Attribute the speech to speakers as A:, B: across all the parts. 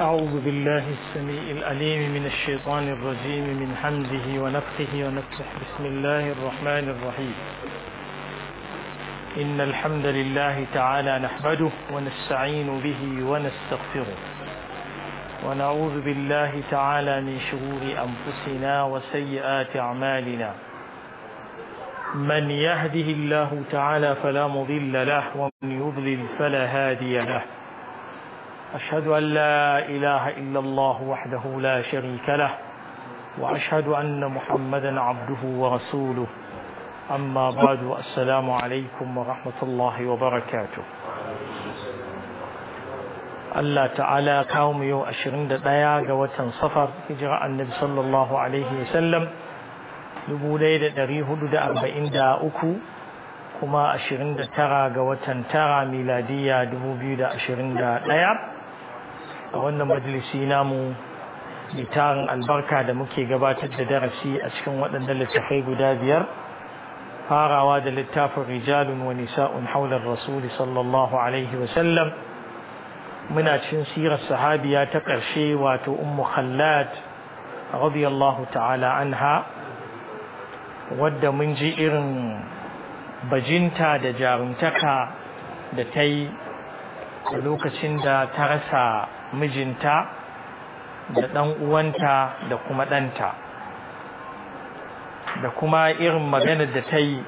A: أعوذ بالله السميع الأليم من الشيطان الرجيم من حمده ونفخه ونفسه بسم الله الرحمن الرحيم إن الحمد لله تعالى نحمده ونستعين به ونستغفره ونعوذ بالله تعالى من شرور أنفسنا وسيئات أعمالنا من يهده الله تعالى فلا مضل له ومن يضلل فلا هادي له أشهد أن لا إله إلا الله وحده لا شريك له وأشهد أن محمدا عبده ورسوله أما بعد السلام عليكم ورحمة الله وبركاته Allah ta'ala kawo mu yau 21 ga watan safar hijira annabi sallallahu alaihi da uku kuma tara ga watan tara miladiya 2021 a wannan majalisi namu mai albarka da muke gabatar da darasi a cikin waɗanda littafai guda biyar farawa da littafin rijalun wa nisa'un haular rasuli sallallahu alaihi wasallam muna cikin sirar sahabiya ta ƙarshe wato ummu khallad radiyallahu ta'ala anha wadda mun ji irin bajinta da jarumtaka da ta yi a lokacin da ta rasa mijinta da ɗan uwanta da kuma ɗanta da kuma irin magana da ta yi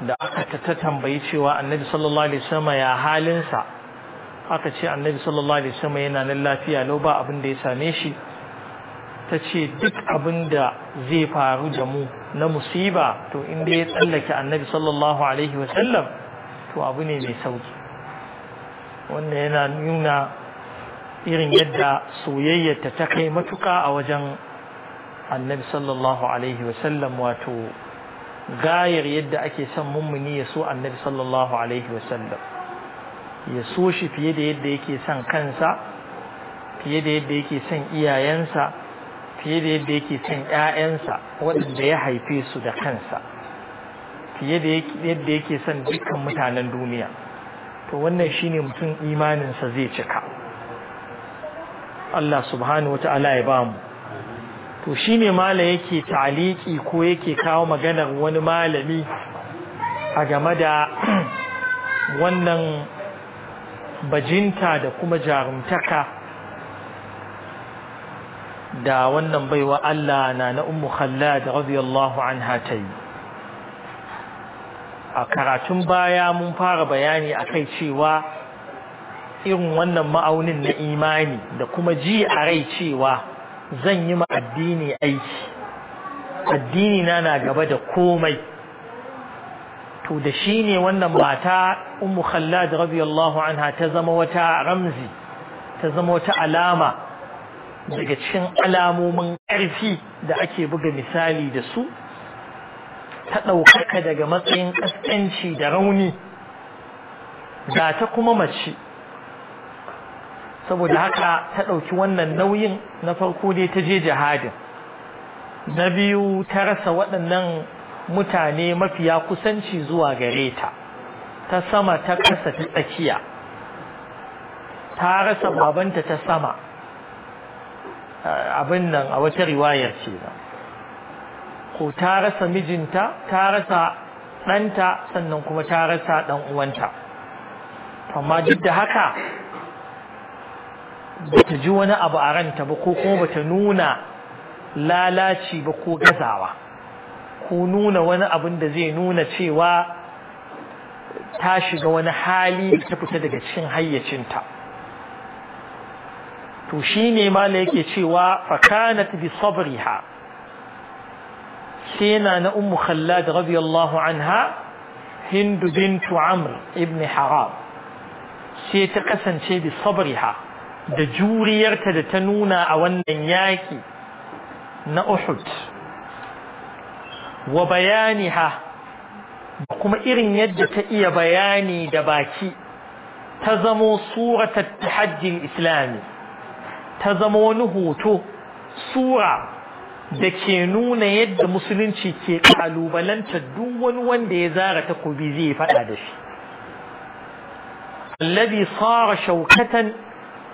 A: da aka ta tambayi cewa annabi sallallahu alaihi wasallam ya halinsa aka ce annabi sallallahu alaihi wasallam yana nan lafiya lau ba abin da ya same shi ta ce duk abin da zai faru da mu na musiba to inda ya tsallake annabi sallallahu alaihi wasallam to abu ne mai sauki wannan yana nuna irin yadda soyayyarta ta kai matuka a wajen annabi sallallahu alaihi wasallam wato gayar yadda ake son mummuni ya so annabi sallallahu alaihi wasallam ya so shi fiye da yadda yake son kansa fiye da yadda yake son iyayensa fiye da yadda yake son ƴaƴansa waɗanda ya haife su da kansa fiye da yadda yake son dukkan mutanen duniya to wannan shine mutum imaninsa zai cika Allah subhanahu wata'ala ya bamu to shine mala yake taliki ko yake kawo maganar wani malami a game da wannan bajinta da kuma jarumtaka da wannan baiwa Allah na na ummu khallad radiyallahu anha tayi a karatun baya mun fara bayani akai cewa irin wannan ma'aunin na imani da kuma ji a rai cewa zan yi ma addini aiki addini na na gaba da komai to da shi ne wannan mata ummu khallad radiyallahu anha ta zama wata ramzi ta zama wata alama daga cikin alamomin ƙarfi da ake buga misali da su ta ɗaukaka daga matsayin ƙasƙanci da rauni ga ta kuma mace saboda haka ta ɗauki wannan nauyin na farko dai ta je jihadin na biyu ta rasa waɗannan mutane mafiya kusanci zuwa gare ta ta sama ta kasa ta tsakiya ta rasa babanta ta sama abin nan a wata riwayar ce ba ko ta rasa mijinta ta rasa ɗanta sannan kuma ta rasa ɗan uwanta amma duk da haka ba ta ji wani abu a ranta ba ko kuma ba ta nuna lalaci ba ko gazawa ko nuna wani abin da zai nuna cewa ta shiga wani hali ta fita daga cikin hayyacinta to shi ne mala yake cewa fakanat bi sabriha sai na na ummu khallad radiyallahu anha hindu bintu amr ibn haram sai ta kasance bi sabriha da juriyarta da ta nuna a wannan yaƙi na Uhud wa ha, da kuma irin yadda ta iya bayani da baki ta zamo suratar tahajjin islami ta zama wani hoto sura da ke nuna yadda musulunci ke ƙalubalanta duk wani wanda ya zara takobi zai faɗa da shi allabi sara shaukatan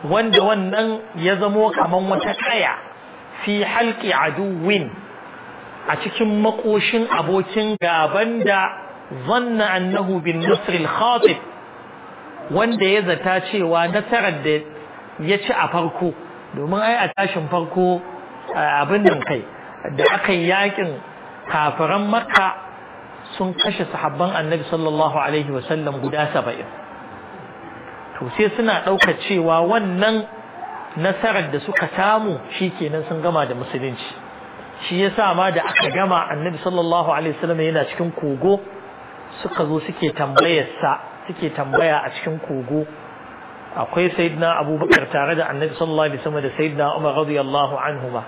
A: wanda wannan ya zamo kaman wata kaya fi halki aduwin a cikin makoshin abokin gaban da zanna annahu bin Nusril khatib wanda ya zata cewa nasarar da ya ci a farko domin ai a tashin farko abin nan kai da aka yi yakin kafiran makka sun kashe sahabban annabi sallallahu alaihi wasallam guda saba'in to sai suna ɗauka cewa wannan nasarar da suka samu shi kenan sun gama da musulunci shi ya sa ma da aka gama annabi sallallahu alaihi wasallam yana cikin kogo suka zo suke tambayarsa suke tambaya a cikin kogo akwai sayyidina abubakar tare da annabi sallallahu alaihi wasallam da sayyidina umar radiyallahu ba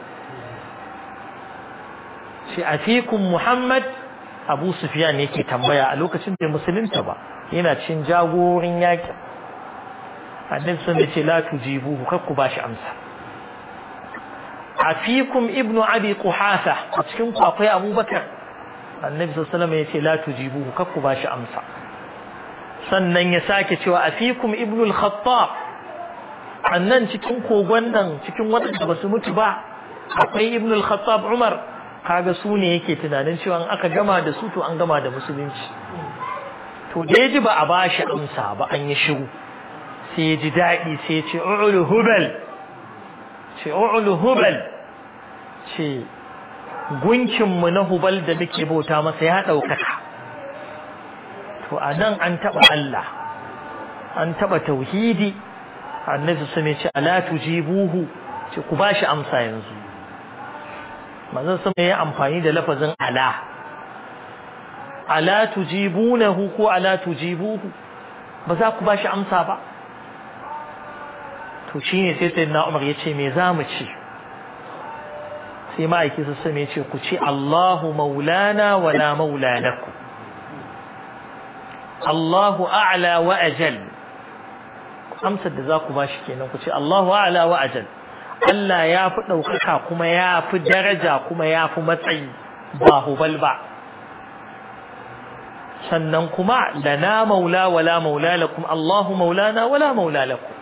A: shi afikum muhammad abu sufyan yake tambaya a lokacin da musulunta ba yana cin jagorin yaki annabi sun ce la tujibuhu kar ku bashi amsa afikum ibnu abi quhasa a cikin ku akwai abubakar annabi sallallahu alaihi wasallam ya ce la tujibuhu kar ku bashi amsa sannan ya sake cewa afikum ibnu al-khattab annan cikin kogon nan cikin wadanda ba su mutu ba akwai ibnu al-khattab umar kaga su ne yake tunanin cewa aka gama da su to an gama da musulunci to da ji ba a bashi amsa ba an yi shiru sai ji daɗi sai ya ce Ulu hubal ce ulu hubal ce gunkinmu na hubal da muke bauta masa ya ɗaukaka to a nan an taɓa Allah an taɓa tauhidi annabi su ne ce ala tujibuhu ce ku ba shi amsa yanzu manzon sama ya amfani da lafazin ala ala tujibunahu ko ala tujibuhu ba za ku ba shi amsa ba to ne sai sai na umar ya ce me za mu ci sai ma'aiki su sami ya ce ku ci Allahu maulana wa la maulanaku Allahu Aala wa ajal amsar da za ku ba shi kenan ku ce Allahu Aala wa ajal Allah ya fi ɗaukaka kuma ya fi daraja kuma ya fi matsayi ba hubal ba sannan kuma da na maula wala maula lakum Allahu maulana wala maula lakum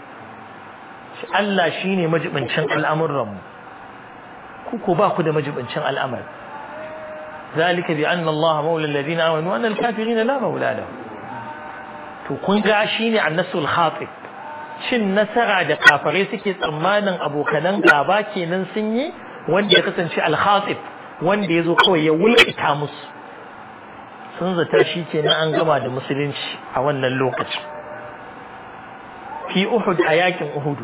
A: Allah shine majibincin al'amuran ku ba ku da majibincin al'amari zalika bi anna Allah maula alladhina amanu annal kafirina la maula to kun ga shine annasul khatib cin nasara da kafare suke tsammanin abokanan gaba kenan sun yi wanda ya kasance al-khatib wanda yazo kawai ya wulƙita musu sun zata shi kenan an gama da musulunci a wannan lokacin fi Uhud a yakin Uhudu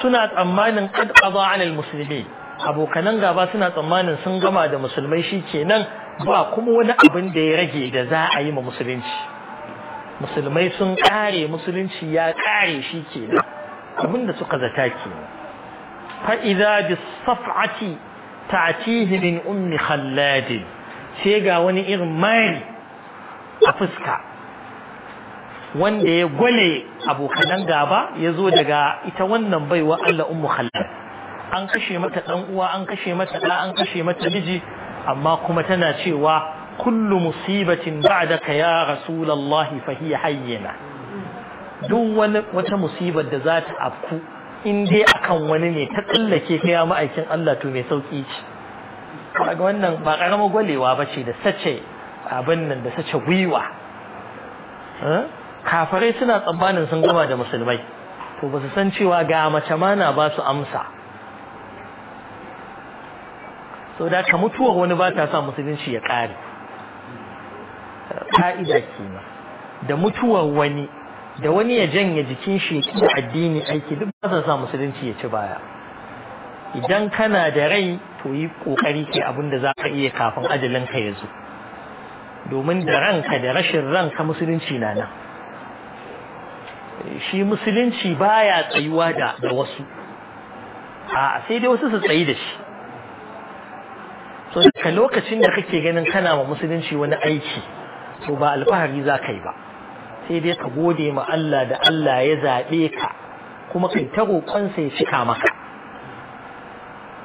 A: suna tsammanin ƙadƙaba qada anil musulmi abokanan gaba suna tsammanin sun gama da musulmai shi kenan ba kuma wani abin da ya rage da za a yi ma musulunci musulmai sun kare musulunci ya kare shi kenan abin da suka zata ki fa idza bis saf'ati ta'tihi min ummi khallad sai ga wani irin mari a fuska wanda ya gwale abokanan gaba ya zo daga ita wannan baiwa Allah ummu khallal an kashe mata dan uwa an kashe mata da an kashe mata miji amma kuma tana cewa kullu musibatin ba'daka ya rasulullah fa hiya hayyina duk wani wata musibar da za ta afku in dai akan wani ne ta tsallake kai ma'aikin Allah to mai sauki ce kaga wannan ba karamar gwalewa bace da sace abin nan da sace gwiwa kafirai suna tsammanin sun gama da musulmai to ba su san cewa ga mace ma na ba su amsa so da ka mutuwar wani ba ta sa musulunci ya ƙare ka'ida kenan da mutuwar wani da wani ya janye jikin shi ya addini aiki duk ba sa sa musulunci ya ci baya idan kana da rai to yi kokari ke abin da za ka iya kafin ajalin ka ya zo domin da ranka da rashin ranka musulunci na nan shi musulunci baya tsayuwa da wasu a sai dai wasu su tsayi da shi so ka lokacin da kake ganin kana ma musulunci wani aiki to ba alfahari za ka yi ba sai dai ka gode ma Allah da Allah ya zaɓe ka kuma kai ta roƙonsa ya cika maka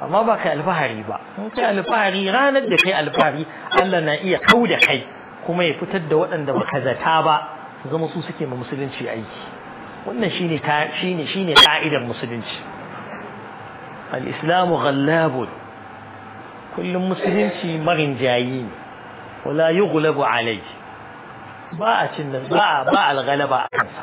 A: amma ba kai alfahari ba in kai alfahari ranar da kai alfahari Allah na iya kau da kai kuma ya fitar da waɗanda baka zata ba su zama su suke ma musulunci aiki wannan shine shine shine ka'idar musulunci al-islamu ghallabun kullum musulunci marin jayi ne wala yughlabu alayhi ba a cin nan ba ba al-ghalaba a kansa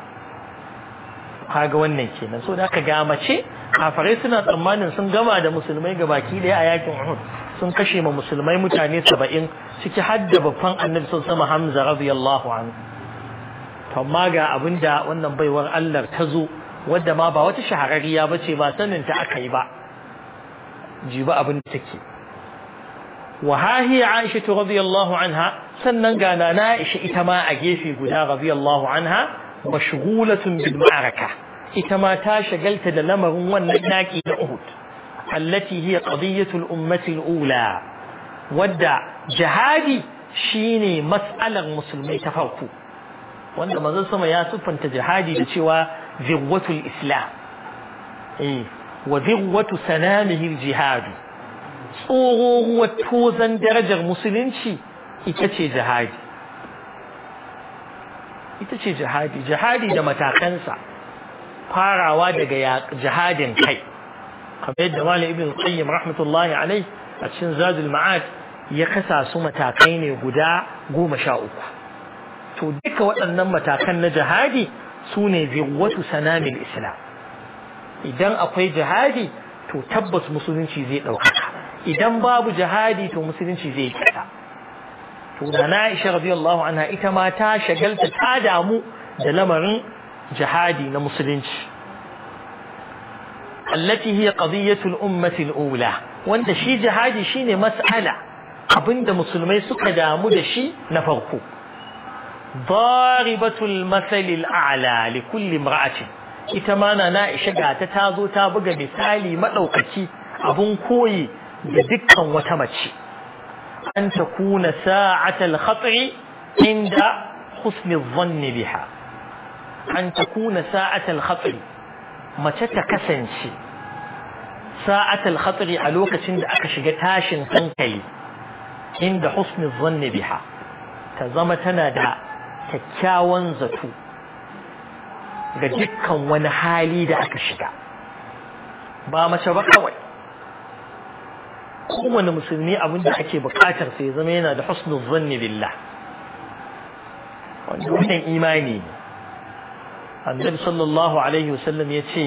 A: kaga wannan kenan so da ka ga mace kafirai suna tsammanin sun gama da musulmai gabaki daya a yakin Uhud sun kashe ma musulmai mutane saba'in ciki har da babban annabi sallallahu alaihi wasallam Hamza radiyallahu anhu amma ga abinda wannan baiwar Allah ta zo wadda ma ba wata shahararriya ba ce ba sanin ta aka yi ba jiba abin da take wa hahi Aisha anha sannan ga na Aisha ita ma a gefe guda radiyallahu anha mashghulatun bil ma'araka ita ma ta shagalta da lamarin wannan naki na Uhud allati hiya qadiyatul ummati al-ula wadda jihadi shine mas'alar musulmai ta farko wanda manzon sama ya sufanta jihadi da cewa ziwatul islam eh wa ziwatu sanamihi jihadu tsohuwar tozan darajar musulunci ita ce jihadi ita ce jihadi jihadi da matakansa farawa daga jihadin kai kamar yadda malam ibn qayyim rahmatullahi alaih a cikin zadul ma'ad ya kasa su matakai ne guda goma sha uku to duka waɗannan matakan na jihadi su ne zirwatu sanamin islam idan akwai jihadi to tabbas musulunci zai ɗaukaka idan babu jihadi to musulunci zai kisa to da na isha radiyallahu anha ita ma ta shagalta ta damu da lamarin jihadi na musulunci allati hiya qadiyatul ummati al-ula wanda shi jihadi shine mas'ala abinda musulmai suka damu da shi na farko daribatul masalil a'la li kulli imra'atin ita ma na Aisha ga ta tazo ta buga misali madaukaki abun koyi da dukkan wata mace an takuna sa'atal khat'i inda husni dhanni biha an kuna sa'atal khat'i mace ta kasance sa'atal khat'i a lokacin da aka shiga tashin hankali inda husni dhanni biha ta zama tana da kyakkyawan zato ga dukkan wani hali da aka shiga ba mace ba kawai kowane musulmi abin da ake bukatar sai zama yana da husnul zanni billah wanda wannan imani ne annabi sallallahu alaihi wasallam ya ce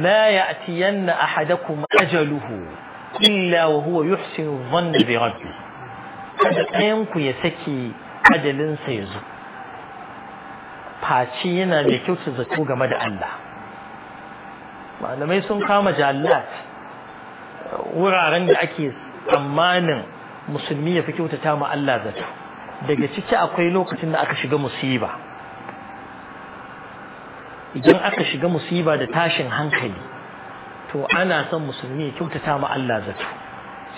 A: la ya'tiyanna ahadakum ajaluhu illa wa huwa yuhsinu dhanna bi rabbih kada ɗayan ku ya sake ajalinsa ya zo Faci yana da kyautu zato game da Allah malamai sun kama jallat wuraren da ake tsammanin musulmi ya fi kyautata ma Allah zato daga ciki akwai lokacin da aka shiga musiba idan aka shiga musiba da tashin hankali to ana son musulmi ya kyautata ma Allah zato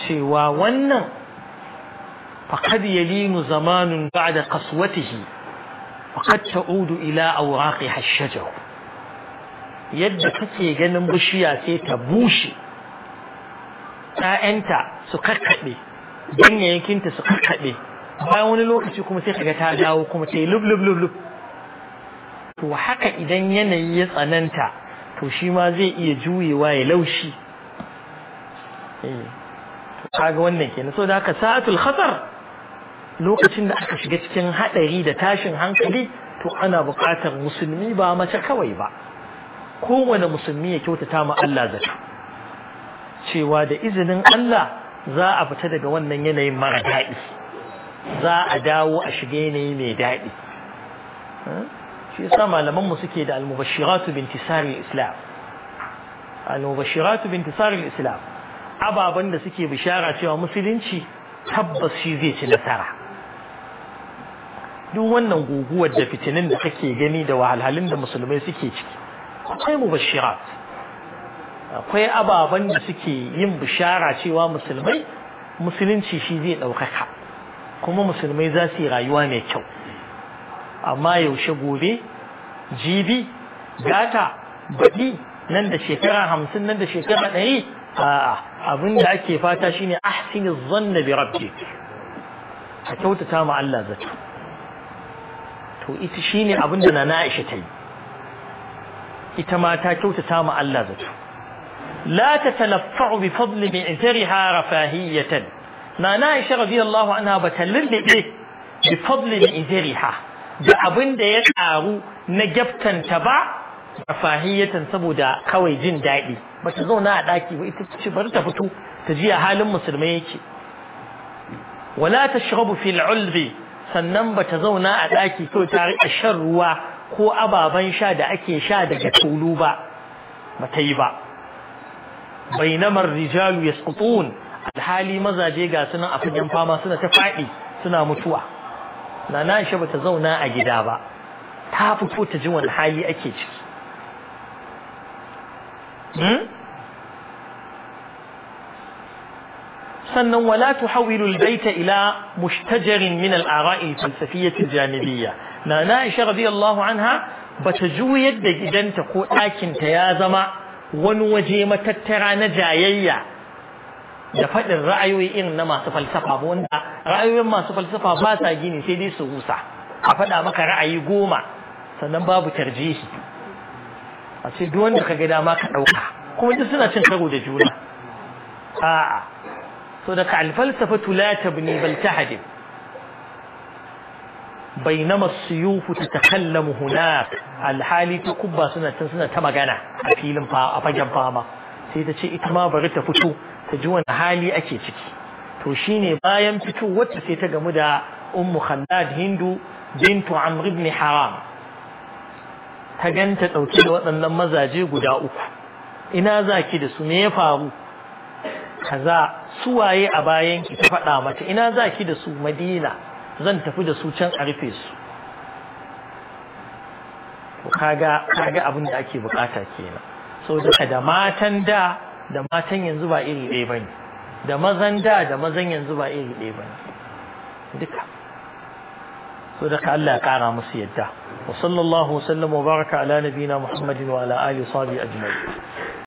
A: cewa wannan فقد يلين زمان بعد قسوته وقد تعود إلى أوراقها الشجر yadda kake ganin bishiya sai ta bushe ‘ya'yanta su kakkaɓe ganyayenkinta su kakkaɓe bayan wani lokaci kuma sai kaga ta dawo kuma ta yi lub-lub-lub to haka idan yanayi ya tsananta to shi ma zai iya juyewa ya laushi kaga wannan kenan so da haka sa'atul lokacin da aka shiga cikin haɗari da tashin hankali to ana buƙatar musulmi ba mace kawai ba kowane musulmi ya kyautata ma Allah zaka. cewa da izinin Allah za a fita daga wannan yanayin mara daɗi za a dawo a shiga yanayi mai daɗi hmm? shi yasa malamanmu suke da binti bintisari islam binti bintisari islam ababen da suke bishara cewa musulunci tabbas shi zai ci nasara duk wannan guguwar da fitinin da kake gani da wahalhalun da musulmai suke ciki akwai bashira akwai ababen da suke yin bishara cewa musulmai musulunci shi zai ɗaukaka kuma musulmai za su yi rayuwa mai kyau amma yaushe gobe jibi gata baɗi nan da shekara hamsin nan da shekara ɗari abin da ake fata shine ahsini zanna bi rabbik a kyautata ma Allah zato to ita shine abin da nana Aisha ta yi ita mata kyautata ma Allah zato la tatalaffa'u bi fadli bi'thariha rafahiyatan nana Aisha radiyallahu anha ba ta lullube bi fadli bi'thariha da abin da ya karu na gaftanta ba rafahiyatan saboda kawai jin daɗi ba ta zauna a ɗaki ba ita ce bari ta fito ta ji a halin musulmai yake wala tashrabu fil ulbi sannan bata zauna a ɗaki ko ta riƙa shan ruwa ko ababen sha da ake sha daga tulu ba ba ta yi ba bainamar rijalu ya yasqutun alhali mazaje ga sunan a fagen fama suna ta faɗi suna mutuwa shi ba bata zauna a gida ba ta fito ta ji wani hali ake ciki hmm? sannan wala tuhawilu baita ila mushtajarin min al-ara'i al-falsafiyyah al-janibiyyah na na Aisha radiyallahu anha bata juyar da gidanta ko ɗakin ta ya zama wani waje matattara na jayayya da faɗin ra'ayoyi irin na masu falsafa ba wanda ra'ayoyin masu falsafa ba sa gini sai dai su husa a faɗa maka ra'ayi goma sannan babu tarjihi a ce duk wanda ka ga dama ka ɗauka kuma duk suna cin karo da juna a'a so daga alfalsafatu ta tabni bal tahdib bainama suyufu tatakallamu hunak alhali ta kubba suna can suna ta magana a filin a fagen fama sai ta ce ita ma bari ta fito ta ji wani hali ake ciki to shine bayan fito wacce sai ta gamu da ummu khannad hindu bintu amr ibn haram ta ganta dauke da waɗannan mazaje guda uku ina zaki da su me ya faru kaza su waye a bayan ki ta faɗa mata ina za ki da su madina zan tafi da su can a rufe su kaga kaga abin da ake bukata kenan so duka da matan da da matan yanzu ba iri ɗaya bane da mazan da da mazan yanzu ba iri ɗaya bane duka so duka Allah ya kara musu yadda wa sallallahu wa baraka ala nabina muhammadin wa ala alihi wa sahbihi ajma'in